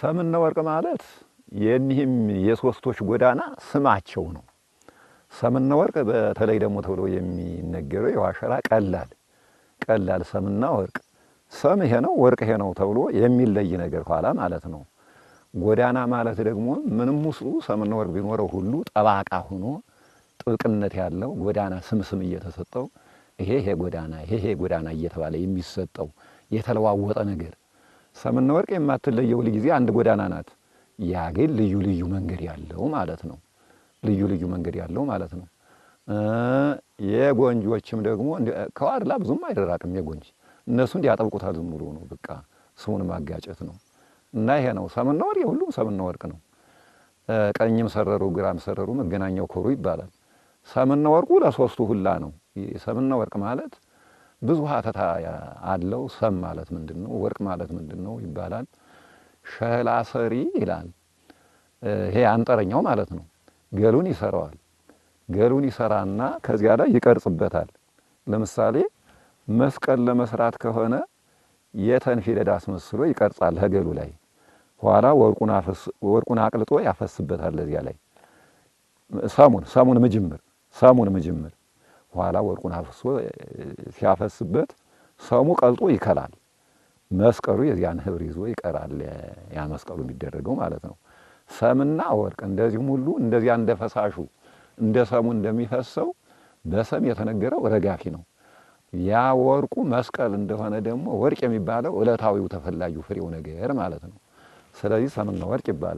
ሰምና ወርቅ ማለት የኒህም የሶስቶች ጎዳና ስማቸው ነው። ሰምና ወርቅ በተለይ ደግሞ ተብሎ የሚነገረው የዋሸራ ቀላል ቀላል ሰምና ወርቅ ሰም ይሄ ነው፣ ወርቅ ይሄ ነው ተብሎ የሚለይ ነገር ኋላ ማለት ነው። ጎዳና ማለት ደግሞ ምንም ውስጡ ሰምና ወርቅ ቢኖረው ሁሉ ጠባቃ ሆኖ ጥብቅነት ያለው ጎዳና ስም ስም እየተሰጠው ይሄ ይሄ ጎዳና ይሄ ይሄ ጎዳና እየተባለ የሚሰጠው የተለዋወጠ ነገር ሰምና ወርቅ የማትለየው ሁልጊዜ አንድ ጎዳና ናት። ያ ግን ልዩ ልዩ መንገድ ያለው ማለት ነው። ልዩ ልዩ መንገድ ያለው ማለት ነው። የጎንጆችም ደግሞ ከዋድላ ብዙም አይደራቅም። የጎንጅ እነሱ እንዲያጠብቁታል ዝም ብሎ ነው በቃ ስሙን ማጋጨት ነው። እና ይሄ ነው ሰምና ወርቅ፣ የሁሉም ሰምና ወርቅ ነው። ቀኝም ሰረሩ ግራም ሰረሩ መገናኛው ኮሩ ይባላል። ሰምና ወርቁ ለሶስቱ ሁላ ነው። ሰምና ወርቅ ማለት ብዙ ሀተታ አለው። ሰም ማለት ምንድን ነው? ወርቅ ማለት ምንድን ነው ይባላል። ሸላ ሰሪ ይላል። ይሄ አንጠረኛው ማለት ነው። ገሉን ይሰራዋል። ገሉን ይሰራና ከዚያ ላይ ይቀርጽበታል። ለምሳሌ መስቀል ለመስራት ከሆነ የተንፊደድ አስመስሎ ይቀርጻል ከገሉ ላይ። ኋላ ወርቁን አቅልጦ ያፈስበታል። ለዚያ ላይ ሰሙን ሰሙን ምጅምር ሰሙን ምጅምር ኋላ ወርቁን አፍስሶ ሲያፈስበት ሰሙ ቀልጦ ይከላል። መስቀሉ የዚያን ህብር ይዞ ይቀራል። ያ መስቀሉ የሚደረገው ማለት ነው። ሰምና ወርቅ እንደዚህም ሁሉ እንደዚያ እንደ ፈሳሹ እንደ ሰሙ እንደሚፈሰው በሰም የተነገረው ረጋፊ ነው። ያ ወርቁ መስቀል እንደሆነ ደግሞ ወርቅ የሚባለው ዕለታዊው ተፈላጊው ፍሬው ነገር ማለት ነው። ስለዚህ ሰምና ወርቅ ይባላል።